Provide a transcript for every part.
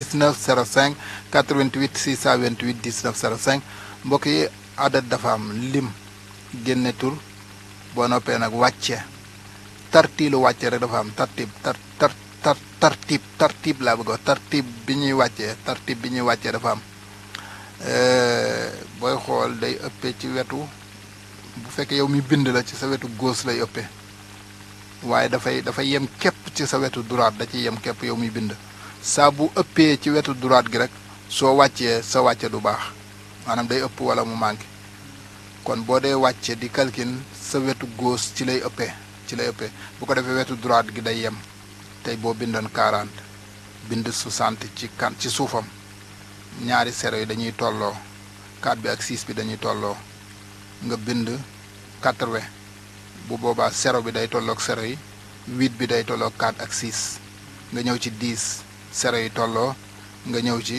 1905 88 628 1905 mbokk yi adat dafa am lim génne tur boo noppee nag wàcce tartiilu wàcce rek dafa am tartib tar tar tar tartib tartib laa bëgg wax tartib bi ñuy wàccee tartib bi ñuy wàccee dafa am booy xool day ëppee ci wetu bu fekkee yow mi bind la ci sa wetu góos lay ëppee waaye dafay dafa yem képp ci sa wetu droite da ciy yem képp yow mi bind saa bu ëppee ci wetu droite gi rek soo wàccee sa wàcce du baax maanaam day ëpp wala mu manqué kon boo dee wàccee di kalkin sa wetu gauche ci lay ëppee ci lay ëppee bu ko defee wetu droite gi day yem tey boo bindoon 40 bind 60 ci kan ci suufam ñaari sero yi dañuy tolloo 4 bi ak 6 bi dañuy tolloo nga bind 80 bu boobaa sero bi day tolloog sero yi 8 bi day tolloog 4 ak 6 nga ñëw ci 10 séro yi tolloo nga ñëw ci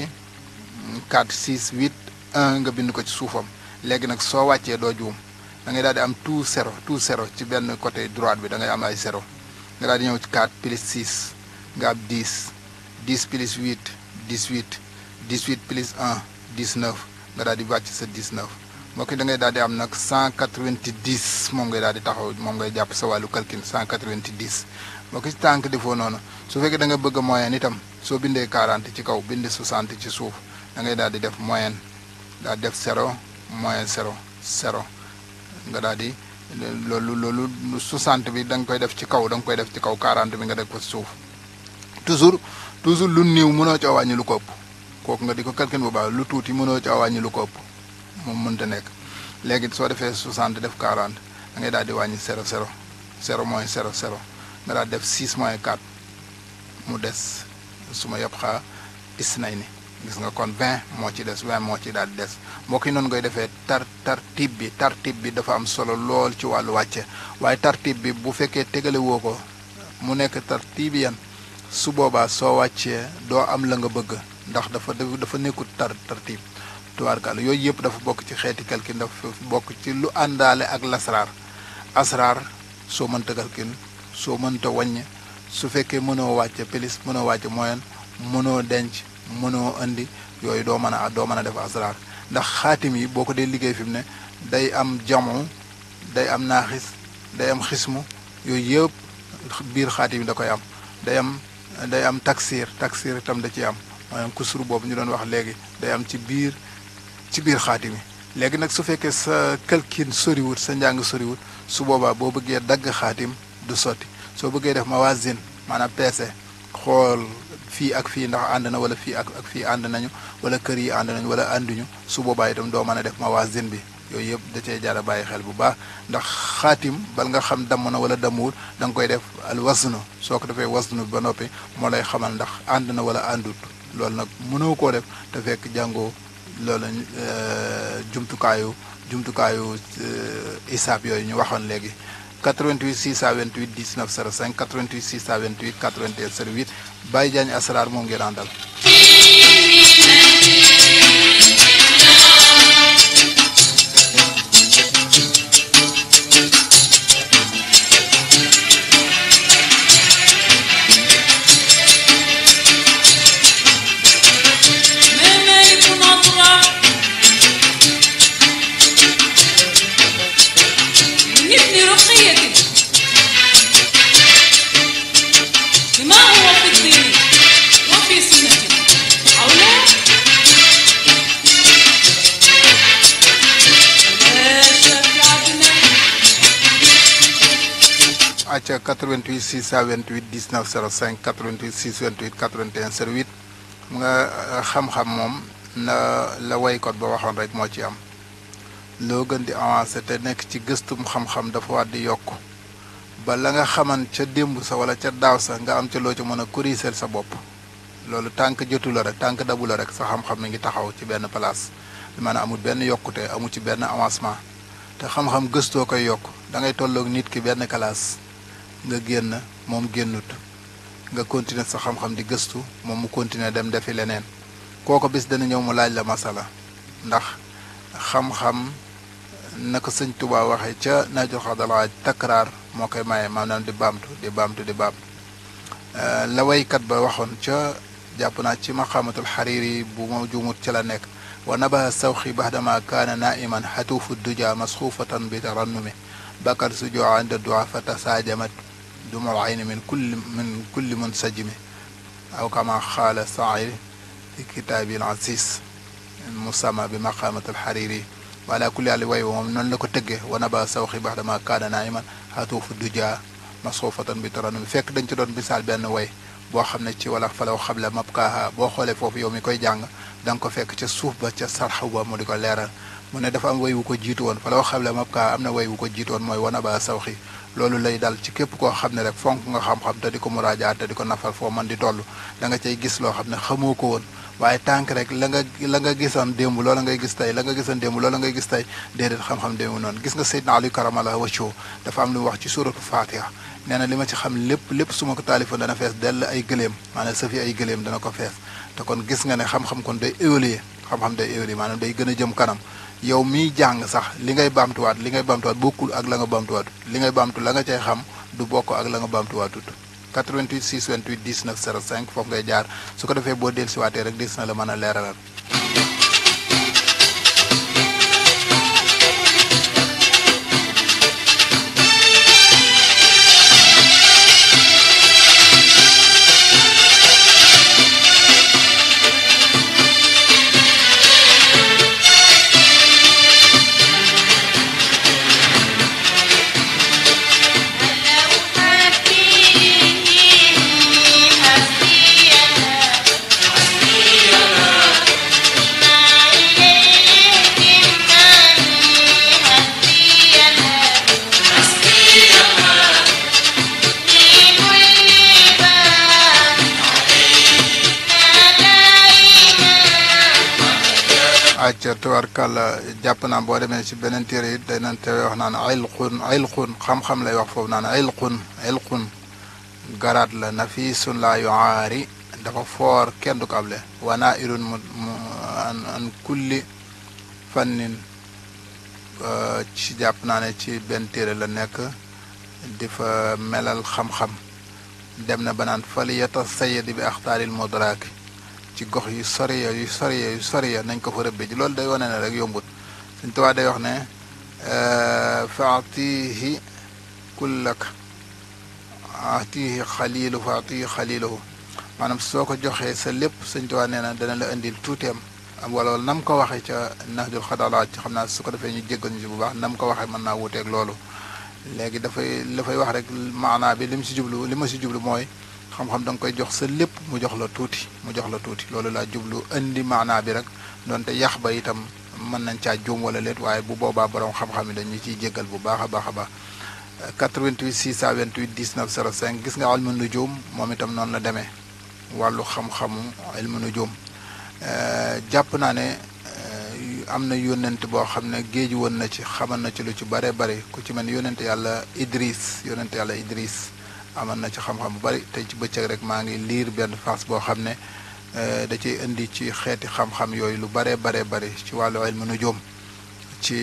4 6 8 1 nga bind ko ci suufam léegi nag soo wàccee doo juum da ngay daal di am tout zéro tout zéro ci benn côté droite bi da ngay am ay zéro nga daal di ñëw ci 4 plus 6 nga am 10 10 plus 8 18 18 plus 1 19 nga daal di wàcc sa 19 mbokk yi da ngay daal di am nag 190 moom ngay daal di taxaw moom ngay jàpp sa wàllu calcul 190 mbokk yi si tànk defoo noonu su fekkee da nga bëgg moyen itam. soo bindee 40 ci kaw bind 60 ci suuf da ngay daal di def moyen daal di def zéro moyen zéro zéro nga daal di loolu loolu 60 bi da nga def ci kaw da koy def ci kaw 40 bi nga def ko suuf toujours toujours lu niiw mënoo ca wàññi lu ko nga di ko calcul bu baax lu tuuti mënoo ca wàññi lu ko moom mënta nekk léegi soo defee 60 def 40 da ngay daal di wàññi zéro zéro zéro moyenne zéro zéro nga daal def 6 moyenne 4 mu des. suma yëpp xaa is nañ ni gis nga kon 20 moo ci des 20 moo ci daal des mbokk yi noonu ngay defee tar tartib bi tartib bi dafa am solo lool ci wàllu wàcce waaye tartib bi bu fekkee tegale ko mu nekk tartib yan su boobaa soo wàccee doo am la nga bëgg ndax dafa dafa nekkul tar tartib tubaarkàlla yooyu yëpp dafa bokk ci xeeti calcul dafa bokk ci lu àndaale ak lasraar asraar soo mënta calcul soo mënta wàññ su fekkee mënoo wàcce pilis mënoo wàcce moyen mënoo denc mënoo indi yooyu doo mën a doo mën a def asraar ndax xaatim yi boo ko dee liggéey fi mu ne day am jamu day am naaxis day am xismu yooyu yëpp biir xaatim yi da koy am day am day am taksir taksir itam da ciy am maanaam kusur boobu ñu doon wax léegi day am ci biir ci biir xaatim yi léegi nag su fekkee sa kalkin soriwut sa njàng soriwut su boobaa boo bëggee dagg xaatim du sotti soo bëggee def mawazin maanaam peese xool fii ak fii ndax ànd na wala fii ak ak fii ànd nañu wala kër yi ànd nañu wala ànduñu su boobaa itam doo mën a def mawazin bi yooyu yëpp da cee jara bàyyi xel bu baax ndax xaatim bal nga xam damm wala dammuwul danga koy def al wasnu soo ko defee wasnu ba noppi moo lay xamal ndax ànd na wala àndut loolu nag mënoo koo def te fekk jàngoo loolu euh, jumtukaayu jumtukaayu euh, isaab yooyu ñu waxoon léegi 88 628 19 05 88 628 81 08 Baye moom ngeen àndal 88 628 19 05 88 628 81 08 nga euh, xam-xam moom na la waykat ba waxoon rek moo ci am loo gën di avancé te nekk ci gëstum xam-xam dafa war di yokk ba la nga xaman ca démb sa wala ca daaw sa nga am ca loo ci mën a kuriseel sa bopp loolu tànk jotu rek tànk dabu rek sa xam-xam mi ngi taxaw ci benn place maanaam amul benn yokkute amul ci benn avancement te xam-xam gëstoo koy yokk da ngay tolloog nit ki benn kalaas nga génn moom génnut nga continuer sa xam-xam di gëstu moom mu continuer dem defi leneen kooko bis dana ñëw mu laaj la masala ndax xam-xam naka sëñ Tuubaa waxee ca naajul xadalaaj takraar moo koy maye maanaam di baamtu di baamtu di baamtu euh, la waykat ba waxoon ca jàpp naa ci ma maqaamatul xariiri bu ma juumut ci la nekk wa nabaha ba baxdama kaana naiman xatuufu duja masxuufatan bi tarannumi bakar su joa inda duwa fa tasaajamat duma al-ayni min kulli min kulli munsajimi aw kama xaala saayir fi kitaabi al-aziz bi maqaamatil xariiri wa ala kulli haal way moom noonu la ko tëggee wa ba sawxi ba'da ma kaana naa'iman xatuufu dujaa masruufatan bi taranum fekk dañ ci doon misaal benn way boo xam ne ci wala falaw xabla mabkaaha boo xoolee foofu yow mi koy jàng da ko fekk ca suuf ba ca sarxu ba mu di ko leeral mu ne dafa am way wu ko jiitu woon falaw xabla am na way wu ko jiitu woon mooy wa naba sawxi loolu lay dal ci képp koo xam ne rek fonk nga xam-xam te di ko muraajaat te di ko nafar foo man di toll danga nga gis loo xam ne xamoo ko woon waaye tànk rek la nga la nga gisoon démb loola ngay gis tey la nga gisoon démb loola ngay gis tey déedéet xam-xam démb noonu gis nga Seydina Ali karamala wacco dafa am lu wax ci suratu Fatiha nee na li ma ci xam lépp lépp su ma ko taalifoon dana fees dell ay gëléem maanaam safi ay gëléem dana ko fees te kon gis nga ne xam-xam kon day évoluer xam-xam day évoluer maanaam day gën a jëm kanam yow miy jàng sax li ngay baamtuwaat li ngay baamtuwaat bokkul ak la nga baamtuwaatut li ngay baamtu la nga cay xam du bokk ak la nga baamtuwaatut 88 628 19 05 foofu ngay jaar su ko defee boo dellusiwaatee rek des na la mën a leeralaat tubarkàlla jàpp naa boo demee ci beneen téere it day naan te wax naan ilqun ilqun xam-xam lay wax foofu naan ilqun ilqun garaat la nafisun la yuaari dafa foor kenn du ko able wanaa irun mu an kulli fannin ci jàpp naa ne ci benn téere la nekk difa melal xam-xam dem na ba naan fal yata sayid bi axtaaril mudraki ci gox yu sori yu sori yu sori nañ ko fa rëbbe ji loolu day wane ne rek yombut suñ tubaa day wax ne euh, faatihi kullak aatihi xaliilu faatihi xaliilahu maanaam soo ko joxee sa lépp suñ tubaa nee na dana la indil tuuteem am wala wala nam ko waxee ca nahjul xadalaat ci xam naa su ko defee ñu jéggal ñu si bu baax nam ko waxee mën naa wuuteeg loolu léegi dafay dafay wax rek maanaa bi li si jublu li ma si jublu mooy xam-xam da koy jox sa lépp mu jox la tuuti mu jox la tuuti loolu laa jublu indi maanaa bi rek donte yax ba itam mën nañ caa juum wala léet waaye bu boobaa borom xam-xam yi dañu ciy jéggal bu baax a baax a baax 88 628 19 cinq gis nga ilmu nujum moom itam noonu la deme wàllu xam-xamu ilmu nujum euh, jàpp naa ne euh, am na yónnent boo xam ne géej woon na ci xamal na ci lu ci bare bare ku ci mel yónnent yàlla Idris yónnent yàlla Idris aman na ci xam-xam bu bari tey ci bëccëg rek maa ngi liir benn phase boo xam ne euh, da ci indi ci xeeti xam-xam yooyu lu bare bare bari ci wàllu ilmu nujum ci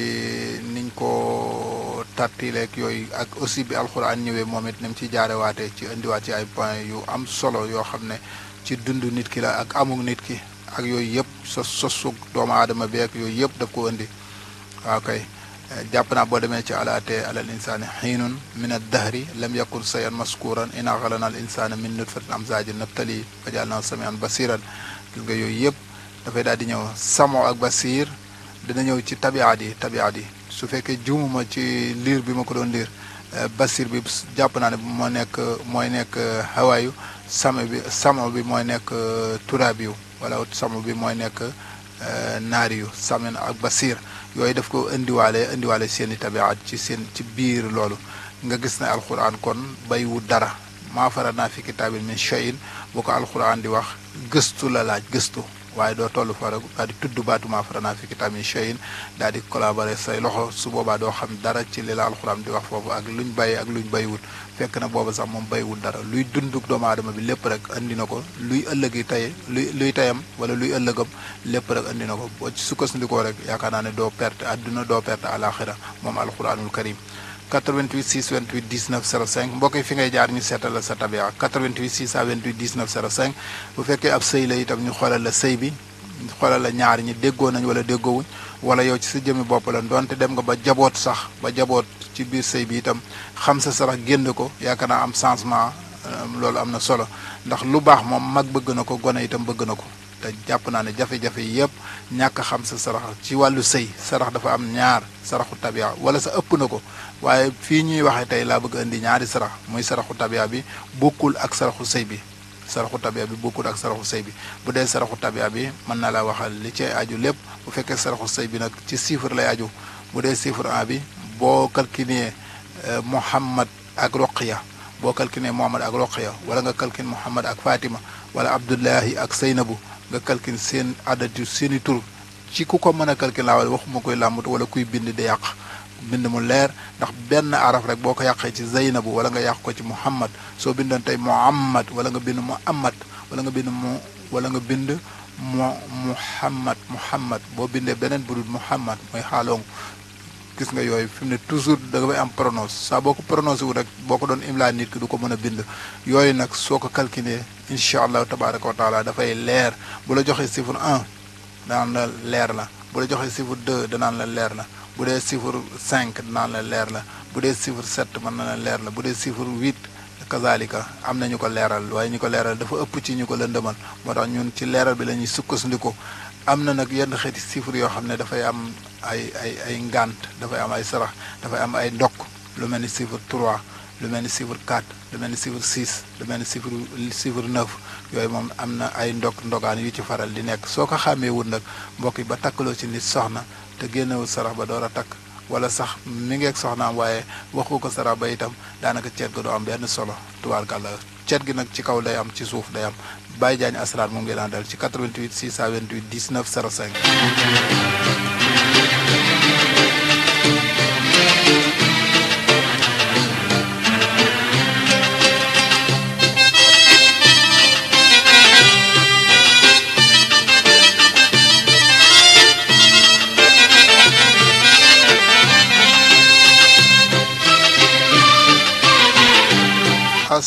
niñ ko tartileeg yooyu ak aussi bi alxuraan ñëwee moom it ni mu ci jaarewaatee ci indiwaat ci ay point yu am solo yoo xam ne ci dundu nit ki la ak amuk nit ki ak yooyu yëpp so sosug doomu aadama beeg yooyu yëpp daf ko indi waaw kay jàpp naa boo demee ci alaatee alal insaani xiinun min addahri lam yakun sayan maskuran inaxalana al insaana min nutfatin amzaajin nabtali fajal na samian basiran gis nga yooyu yëpp dafay daal di ñëw samo ak basir dina ñëw ci tabiaat yi tabiaat yi su fekkee juumuma ci liir bi ma ko doon liir eh, basir bi jàpp naa ne moo nekk mooy nekk eh, hawaayu samo bi samo bi mooy nekk eh, turaabiyu wala samo bi mooy nekk Euh, naari yu samen ak basir yooyu def ko indiwaale indiwaale seeni i tabiat ci seen ci biir loolu nga gis ne alquran kon bayiwu dara maafara naa fi kitaabin min shayin bu ko alquran di wax gëstu la laaj gëstu waaye doo toll fa rek daal di tudd baatu maafara naa fi kitaabin min shayin daal di collaborer say loxo su boobaa doo xam dara ci li la alquran di wax foofu ak luñ bàyyi ak luñ baywut fekk na booba sax moom bayiwul dara luy dunduk doomu aadama bi lépp rek indi na ko luy ëllëgi tay luy luy tayam wala luy ëllëgam lépp rek andi na ko boo ci sukkandikoo rek yaakaar naa ne doo perte àdduna doo perte àlaxira moom alquranul karim 88 628 19 05 mbokk yi fi ngay jaar ñu seetal la sa tabiya 88 628 19 05 bu fekkee ab sëy la itam ñu xoolal la sëy bi xoolal la ñaar ñi déggoo nañ wala déggoowuñ wala yow ci sa jëmmi bopp la dem nga ba jaboot sax ba jaboot ci biir sëy bi itam xam sa sarax génn ko yaakaar naa am changement euh, loolu am na solo ndax lu baax moom mag bëgg na ko gone itam bëgg na ko te jàpp naa ne jafe-jafe yépp ñàkk xam sa sarax ci wàllu sëy sarax dafa am ñaar saraxu tabia wala sa ëpp na ko waaye fii ñuy waxee tey laa bëgg indi ñaari sarax muy saraxu tabia bi bokkul ak saraxu sëy bi saraxu tabia bi bokkul ak saraxu sëy bi bu dee saraxu tabia bi mën naa laa waxal li ci aju lépp bu fekkee saraxu sëy bi nag ci chiffre lay aju bu dee chiffre an bi boo calculé euh, Muhammad ak ya boo calculé Muhammad ak Roqiya wala nga calculé Muhammad ak Fatima wala Abdullahi ak Seynabu nga calculé seen adatu seeni tur ci ku ko mën a calculé laa waxuma koy làmbut wala kuy bind di yàq mbind mu leer ndax benn araf rek boo ko yàqee ci zaynabu wala nga yàq ko ci muhammad soo bindoon tey muhammad wala nga bind muhammad wala nga bind mu wala nga bind mu muhammad muhammad boo bindee beneen bu dul muhammad mooy xaaloong gis nga yooyu fi mu ne toujours danga nga am prononce saa boo ko prononcé wu rek boo ko doon imlaa nit ki du ko mën a bind yooyu nag soo ko calculé incha allahu tabaraka wa dafay leer bu la joxee chiffre un danaan la leer la bu la joxee chiffre deux danaan la leer la bu dee chiffre cinq dinaa la leer la bu dee chiffre sept mën na la leer la bu dee chiffre huit kazalika am na ñu ko leeral waaye ñu ko leeral dafa ëpp ci ñu ko lëndëmal moo tax ñun ci leeral bi lañuy sukk sundikoo am na nag yenn xeeti chiffre yoo xam ne dafay am ay ay ay ngànt dafay am ay sarax dafay am ay ndokk lu mel ni chiffre trois lu mel ni chiffre quatre lu mel ni chiffre six lu mel ni chiffre chiffre neuf yooyu moom am na ay ndokk ndogaan yu ci faral di nekk soo ko xàmmee wut nag mbokk yi ba takkaloo ci nit te génnewul sarax ba door a takk wala sax mi ngeeg soxnaam waaye waxu ko sarax ba itam daanaka ceet ko doo am benn solo tubaarkàlla ceer gi nag ci kaw day am ci suuf day am Baye Diagne Asrar moom ngeen àndal ci vingt 88 628 19 05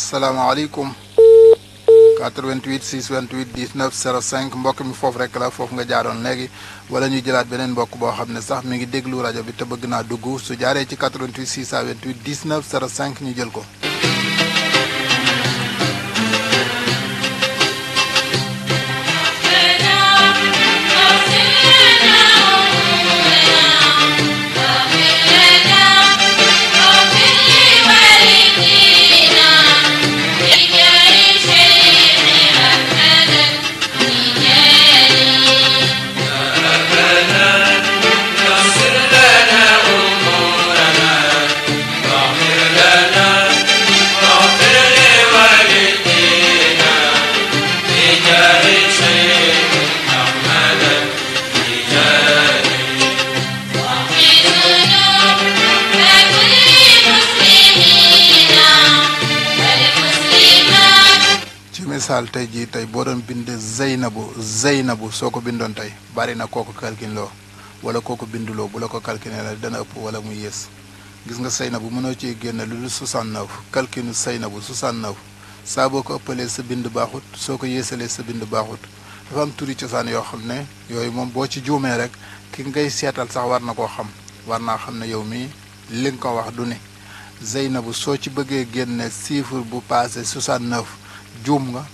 salaamaaleykum 88 628 19 05 mbokk mi foofu rek la foofu nga jaaroon léegi wala ñuy jëlaat beneen mbokk boo xam ne sax mi ngi déglu rajo bi te bëgg naa dugg su jaaree ci 88 628 19 05 ñu jël ko. misaal tey jii tey boo doon bind Zeynabu Zeynabu soo ko bindoon tey bari na kooku calcul loo wala kooku binduloo bu la ko calculé la dana ëpp wala mu yées gis nga bu mënoo ciy génn lu dul 69 calculu Zeynabu 69 saa boo ko ëppalee sa bind baaxut soo ko yéesalee sa bind baaxut dafa am turi cosaan yoo xam ne yooyu moom boo ci juumee rek ki ngay seetal sax war na koo xam war naa xam ne yow mii li nga ko wax du ne bu soo ci bëggee génne chiffre bu passé 69 juum nga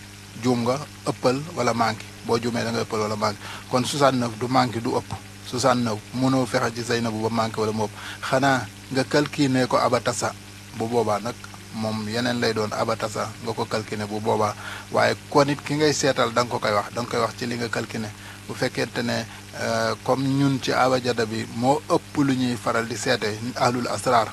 juum nga ëppal wala manqué boo juumee da nga ëppal wala manqué kon 69 du manqué du ëpp 69 mënoo fexe ci Zeynabu ba manqué wala mu xanaa nga calculé ko abatasa bu boobaa nag moom yeneen lay doon aba abatasa nga ko calculé bu boobaa waaye kon ki ngay seetal da nga ko koy wax da nga koy wax ci li nga calculé bu fekkente ne euh, comme ñun ci abajada bi moo ëpp lu ñuy faral di seete ahlul asrar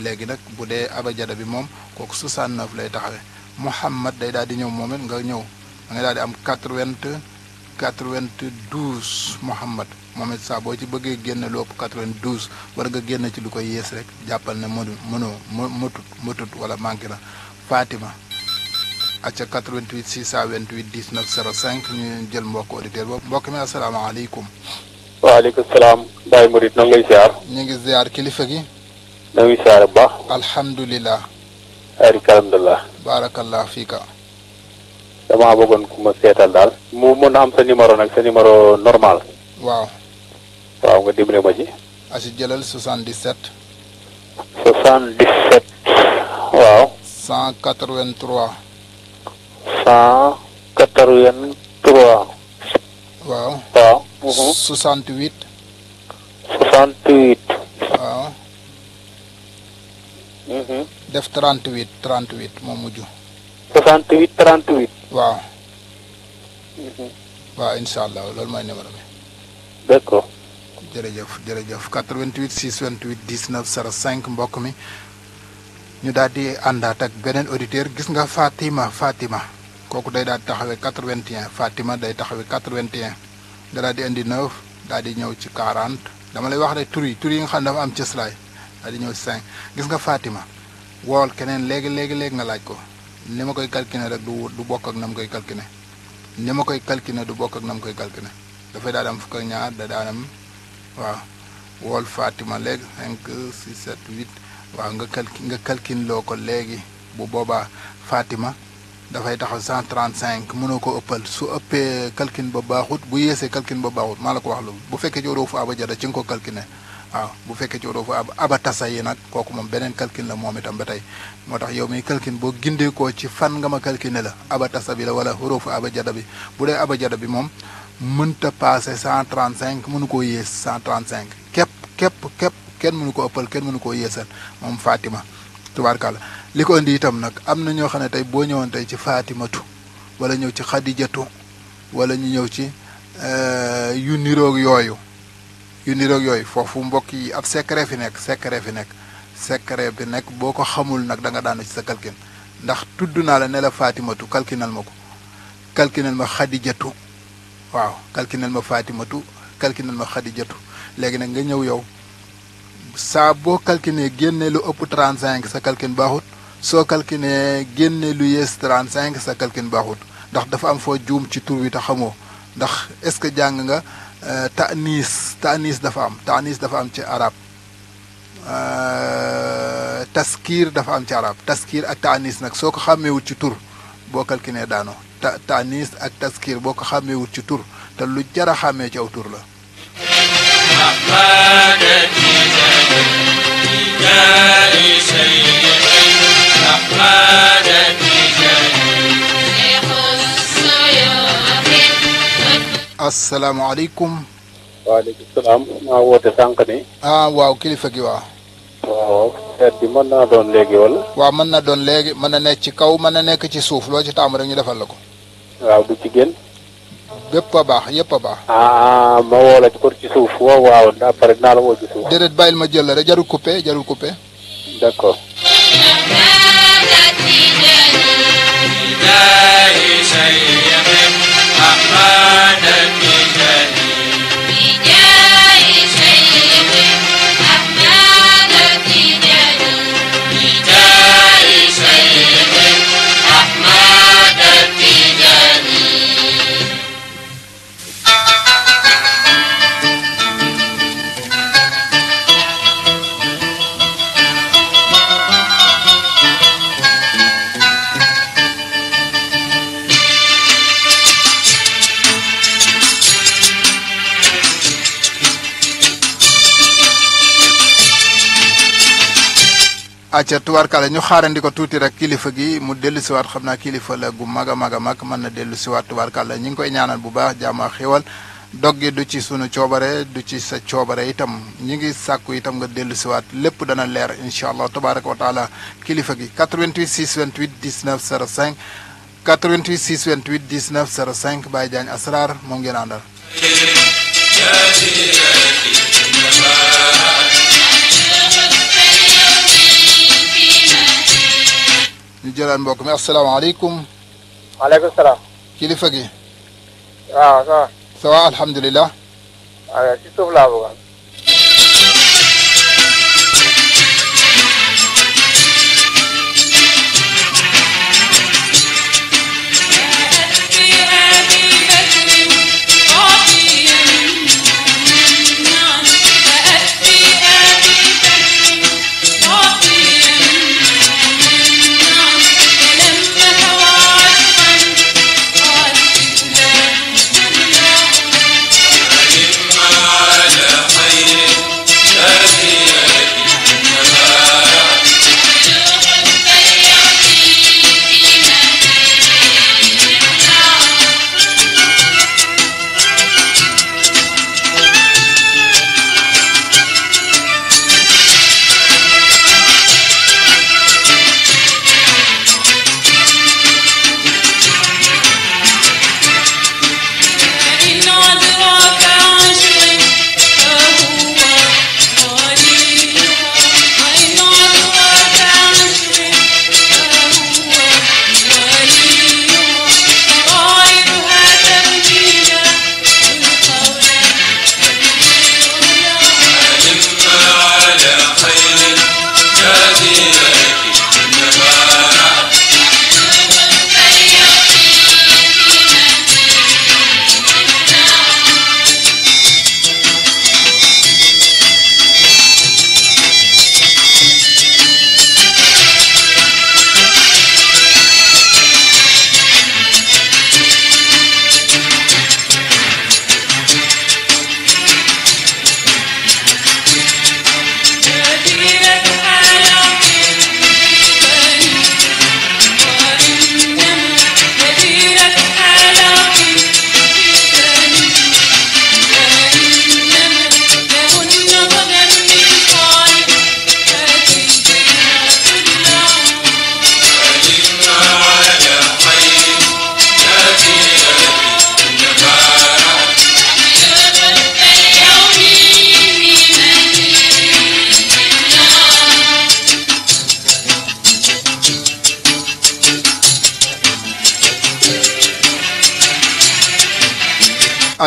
léegi nag bu dee abajada bi moom kooku 69 lay taxawee. Mouhamad day daal di ñëw moom nga ñëw da ngay daal di am quatre vingt quatre vingt douze saa boo ci bëggee génn lu ëpp quatre nga génn ci lu ko yées rek jàppal ne mënu mënoo mëtut mëtut wala manqué na Fatima. acca 88 628 19 05 ñu jël mbokk auditeur boobu mbokk mi asalaamaaleykum. waaleykum salaam. Baye Mouride na nga lay ziar. ñu ngi ziar kilifa gi. na nga ziar bu baax. alhamdulilah. alhamdulilah. baarakallah fiika damaa bëggoon ku ma seetal daal. mu mën a am sa numéro nag sa numéro normal. waaw. waaw nga dimbale ma ci. asi jëlal 77. 77. waaw. 183. 183. waaw. waaw. 68. Mhm. 68. waaw. Mhm. def 38 38 moo mujj. 68 38. waaw. Mhm. waaw incha allah loolu mooy numéro bi. d' accord. jërëjëf jërëjëf 88 628 19 05 mbokk mi ñu daal di àndaat ak beneen auditeur gis nga Fatima Fatima kooku day daal di taxawee 81 Fatima day taxawee 81 da daal di indi 9 daal di ñëw ci 40 dama lay wax rek tur yi tur yi nga xam ne dafa am cëslaay daal di ñëw ci 5 gis nga Fatima. wool keneen léegi léegi léegi nga laaj ko ni ma koy calculer rek du du bokk ak na koy calculer ni ma koy calculer du bokk ak koy calculer dafay daal di am fukk ak ñaar da daal am waaw wool Fatima léegi 5 6 7 8 waaw nga calcul nga calcule loo ko léegi bu boobaa Fatima dafay taxaw 135 mënoo ko ëppal su ëppee calcul ba baaxut bu yeesee calcul ba baaxut maa la ko wax loolu bu fekkee ci wóoroo fa abajada ci nga ko calculer. waaw bu fekkee ci doo fa ab tasa yi nag kooku moom beneen calcul la moom itam ba tey moo tax yow mi calcul boo gindee koo ci fan nga ma calculé la tasa bi la wala aba abajada bi bu dee aba abajada bi moom mënta passé 135 mënu koo yées 135 képp képp képp kenn mënu ko ëppal kenn mënu koo yéesal moom Fatima tubaarkàlla li ko indi itam nag am na ñoo xam ne tey boo ñëwoon tey ci Fatimatu walla ñëw ci Xadijatu wala ñu ñëw ci eh, yu niroog yooyu yu niroog yooyu foofu mbokk yi ab secret fi nekk secret fi nekk secret bi nekk boo ko xamul nag da nga daanu ci sa kalkin ndax tudd naa la nela faatimatu kalkinal ma ko kalkinal ma xadijatu waaw kalkinal ma faatimatu kalkinal ma xadijatu léegi nag nga ñëw yow saa boo kalkinee génne lu ëpp 35 sa kalkin baaxut soo kalkinee génne lu yées 35 sa kalkin baaxut ndax dafa am foo juum ci tur wi te xamoo ndax est-ce que jàng nga Euh, tanis tanis dafa am tanis dafa am ci arab euh, taskir dafa am ci arab taskir ak tanis nag soo ko xàmmeewut ci tur boo kalkinee daano ta ak taskir boo ko xàmmeewut ci tur te lu jar a xàmmee ci aw tur la asalaamaaleykum. waaleykum salaam maa woote sànq ni. Ah, waaw kilifa gi waaw. waaw seet bi mën naa doon léegi wala. waaw mën na doon léegi mën na nekk ci kaw mën na nekk ci suuf loo ci taamu rek ñu defal la ko. waaw du ci génn. bépp a baax yëpp a baax. Ah, ma woo la pour ci suuf waaw waaw daa pare naa la woo suuf. déedéet bàyyil ma jël la rek jarul coupé jarul coupé. d'accord. لا acca tubaarkale ñu xaarandi ko tuuti rek kilifa gi mu dellu siwaat xam naa kilifa la gu mag a mag a mag mën na dellu siwaat tubaarkale ñu ngi koy ñaanal bu baax jàmm ak xéwal dog gi du ci sunu coobare du ci sa coobare itam ñu ngi sàkku itam nga dellu siwaat lépp dana leer incha allah tabaraka wa taala kilifa gi 88 628 19 05 88 628 19 05 Baye Diagne Asrar moom ngeen àndal di jëlaat mbokk mi asalaamaaleykum. maaleykum salaam. kilifa gi. waaw ah, ça va. ça va alhamdulilah. waaw ah, ci suuf laa bëggoon.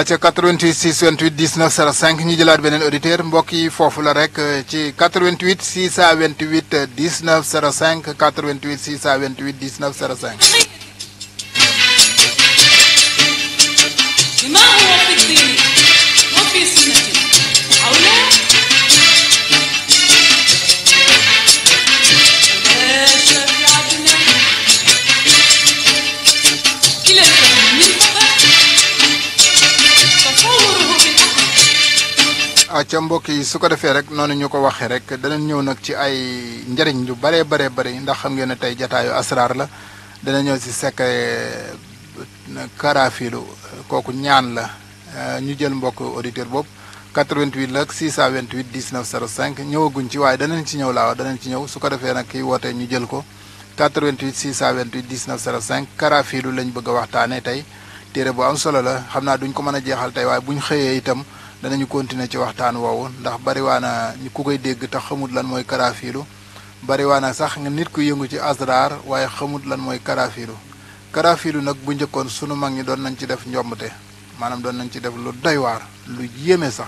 ca 88 628 19 05 ñu jëlaat beneen auditeur mbokk yi foofu la rek euh, ci 88 628 19 05 88 628 19 05. ca mbokk yi su ko defee rek noonu ñu ko waxee rek danañ ñëw nag ci ay njëriñ lu baree baree bëri ndax xam ngeen ne tey jataayu asraar la dana ñëw si secret euh, karaafilu kooku ñaan la euh, ñu jël mbokk auditeur boobu 88 la ak 628 19 05 ñëwaguñ ci waaye danañ ci ñëw laawa danañ ci ñëw su ko defee nag kii wootee ñu jël ko 88 628 19 05 karaafilu lañ bëgg a waxtaanee tey téere bu am solo la xam naa duñ ko mën a jeexal tey waaye buñ xëyee itam. danañu continuer ci waxtaan woowu ndax bariwaana ku koy dégg te xamut lan mooy karaafiilu bariwaana sax nga nit ku yëngu ci asraar waaye xamut lan mooy karaafiilu karaafiilu nag bu njëkkoon sunu mag ñi doon nañ ci def njombte maanaam doon nañ ci def lu doy waar lu yéeme sax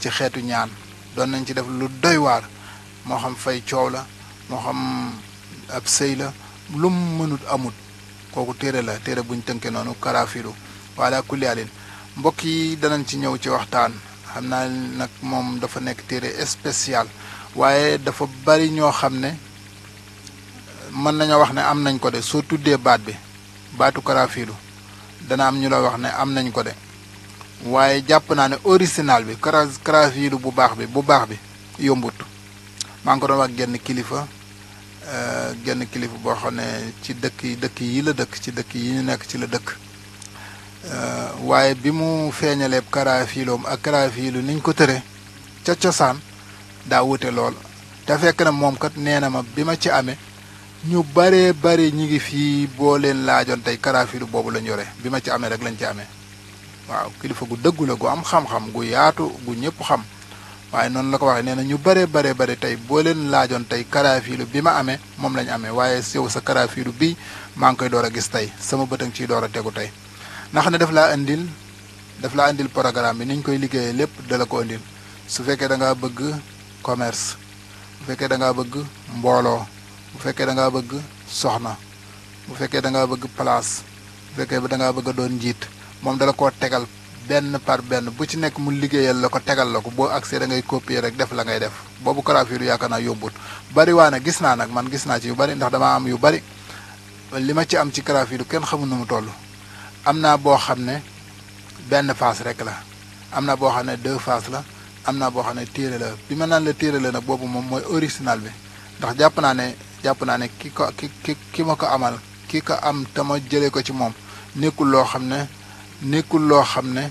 ci xeetu ñaan doon nañ ci def lu doy waar moo xam fay coow la moo xam ab sëy la lu mu mënut amut kooku téere la téere buñ tënkee noonu karaafiilu wala kulli alin mbokk yi danañ ci ñëw ci waxtaan xam naa nag moom dafa nekk téere spécial waaye dafa bari ñoo xam ne mën nañoo wax ne am nañ ko de soo tuddee baat bi baatu karafiidu dana am ñu la wax ne am nañ ko de waaye jàpp naa ne original bi kara karafiidu bu baax bi bu baax bi yombut maa ngi ko doon wax genn kilifa euh, genn kilifa boo xam ne ci dëkk yi dëkk yi la dëkk ci dëkk yi ñu nekk ci la dëkk Euh, waaye bi mu feeñaleeb karaafiiloom ak karaafiilu niñ ko tëre ca cosaan daa wute lool te fekk na moom kat nee na ma bi ma ci amee ñu baree bari ñi ngi fii boo leen laajoon tey karaafiilu boobu lañ yore bi ma ci amee rek lañ ci amee waaw kilifa gu dëggu la gu am xam-xam gu yaatu gu ñëpp xam waaye noonu la ko waxee nee na ñu baree baree bari tey boo leen laajoon tey karaafiilu bi ma amee moom lañ amee waaye sew sa karaafiilu bii maa ngi koy door a gis tey sama bëtëng ciy door a tegu tey ndax ne daf laa indil def laa indil programme bi ni ñu koy liggéeyee lépp dala ko indil su fekkee da bëgg commerce bu fekkee da ngaa bëgg mbooloo bu fekkee da ngaa bëgg soxna bu fekkee da bëgg place bu fekkee da bëgg doon njiit moom dala koo tegal benn par benn bu ci nekk mu liggéeyal la ko tegal la ko boo agsee da ngay copier rek def la ngay def boobu Carrefour yaakaar naa yombut bari waa ne gis naa nag man gis naa ci yu bari ndax damaa am yu bari li ma ci am ci Carrefour kenn xamul nu mu toll am naa boo xam ne benn phase rek la am na boo xam ne deux phases la am naa boo xam ne téere la bi ma naan la téere la nag boobu moom mooy original bi ndax jàpp naa ne jàpp naa ne ki ko ki ki ki ma ko amal ki ko am te ma jëlee ko ci moom nekkul loo xam ne nekkul loo xam ne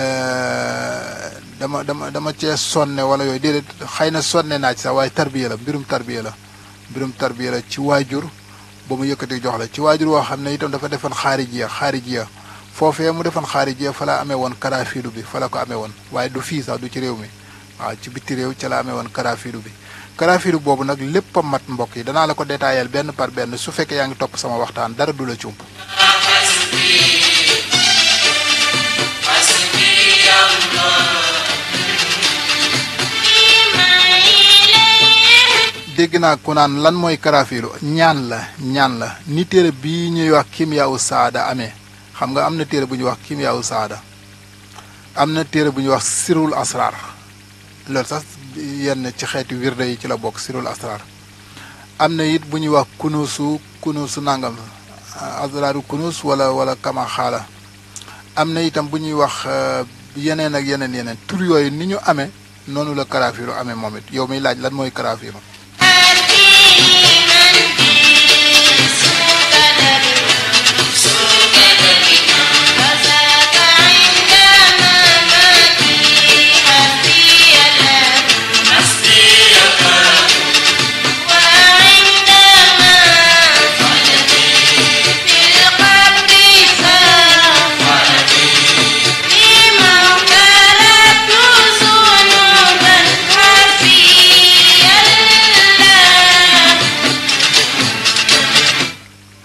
euh, dama dama dama cee sonne wala yooyu déedéet xëy na sonne naa ci sax waaye tarbiya la mbirum tarbiya la mbirum tarbiya la ci waajur ba mu yëkkati jox la ci waajur woo xam ne itam dafa defoon xaarijiya xaarijiya foofee mu defoon xaarijiya fa la amee woon karaafiidu bi fa la ko amee woon waaye du fii sax du ci réew mi waaw ci bitti réew ca la amee woon karaafiidu bi karaafiidu boobu nag lépp a mat mbokk yi danaa la ko détaillé benn par benn su fekkee yaa ngi topp sama waxtaan dara du la cump dégg naa ku naan lan mooy karaafiilu ñaan la ñaan la ni téere bii ñuy wax kimiyaawu saada amee xam nga am na téere bu ñuy wax kimiyaawu saada am na téere bu ñuy wax sirul asrar loolu sax yenn ci xeeti wirde yi ci la bokk sirul asrar am na it bu ñuy wax kunuusu kunuusu nangam asraru kunuus wala wala kama am na itam bu ñuy wax euh, yeneen ak yeneen yeneen tur yooyu ni ñu amee noonu la karaafiiru amee moom it yow mi laaj lan mooy karaafiiru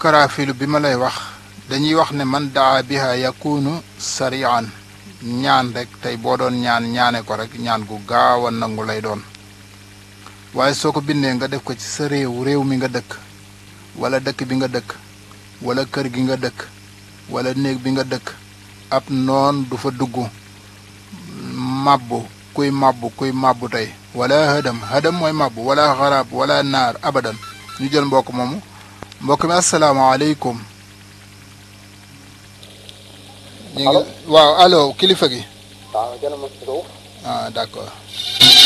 karaafilu bi ma lay wax dañuy wax ne man daa biha yakunu sarian ñaan rek tey boo doon ñaan ñaane ko rek ñaan gu gaaw a nangu lay doon waaye soo ko bindee nga def ko ci sa réew réew mi nga dëkk wala dëkk bi nga dëkk wala kër gi nga dëkk walla néeg bi nga dëkk ab noon du fa dugg màbbu kuy màbbu kuy màbbu tey walla hëdam hëdam mooy màbbu wala xaraab wala naar abadan ñu jël mbokk moomu mbokk mi asalaamaaleykum. allo ñu ngi waaw allo kilifa gi. waaw ah, jërëjëf. ah d' accord.